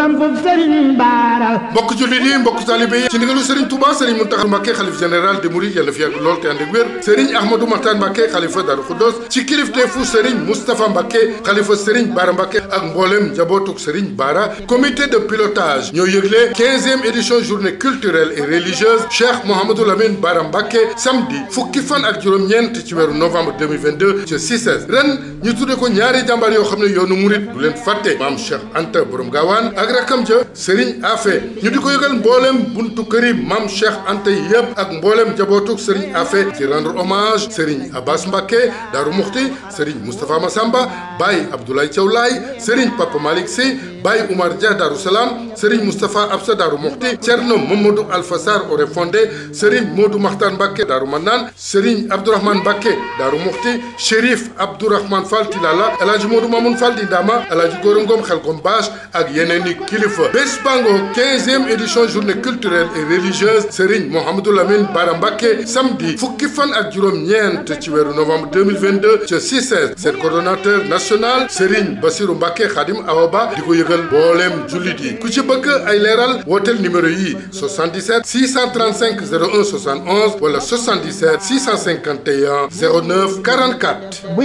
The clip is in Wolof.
sampub sëriñ baara mbokk jullit yi mbokk taalibe yi ci ndigalu sëriñ Touba sëriñ Mountakha Mbacké xalif général de Mouride yàlla fi yàgg lool te ànd ak wér sëriñ Ahmadou Mahtar Mbacké xalifa Darou Khoudoss ci kilifteefu sëriñ Moustapha Mbacké xalifa sëriñ Baara Mbacké ak mbooleem njabootuk sëriñ Baara comité de pilotage ñoo yëgle quinzième édition journée culturelle et religieuse Cheikh Mouhamadou Lamine Baara Mbacké samedi fukki fan ak juróom-ñeent ci weeru novembre 2022 ci CICES ren ñu tudde ko ñaari yoo xam ne yoonu murit ak rakkam ja Serigne Afe ñu di ko yëgal mboolem buntu këri maam Cheikh Anta yëpp ak mboolem jabootuk Serigne Afe ci rendre hommage Serigne Abbas Mbacké Darou Mouhty Serigne Moustapha Massamba Baye Abdoulaye Thiaw Laye Serigne Papa Malick Sy Baye Oumar Dia Darou Salam Serigne Moustapha Absa Darou Mouhty Thierno Mamadou Alpha Sarr Oréfondé Serigne Modou Makhtar Mbacké Darou Manane Serigne Abdourahmane Mbacké Darou Mouhty Chérif Abdourahmane Fall Tilala El Hadj Modou Mamoun Fall di Ndama El Hadj kilifa bés bango 15e édition journée culturelle et religieuse Serigne Mouhamadou Lamine Bara Mbacké samedi fukki fan ak juróom-ñeent ci weeru novembre 2022 ca CICES seen coordonnateur national Serigne Bassirou Mbacké Khadim Ba di ko yëgal mbooleem jullit yi ku ci bëgg ay leeral wooteel numéro yi 77 635 01 71 wala 77 651 09 44. bu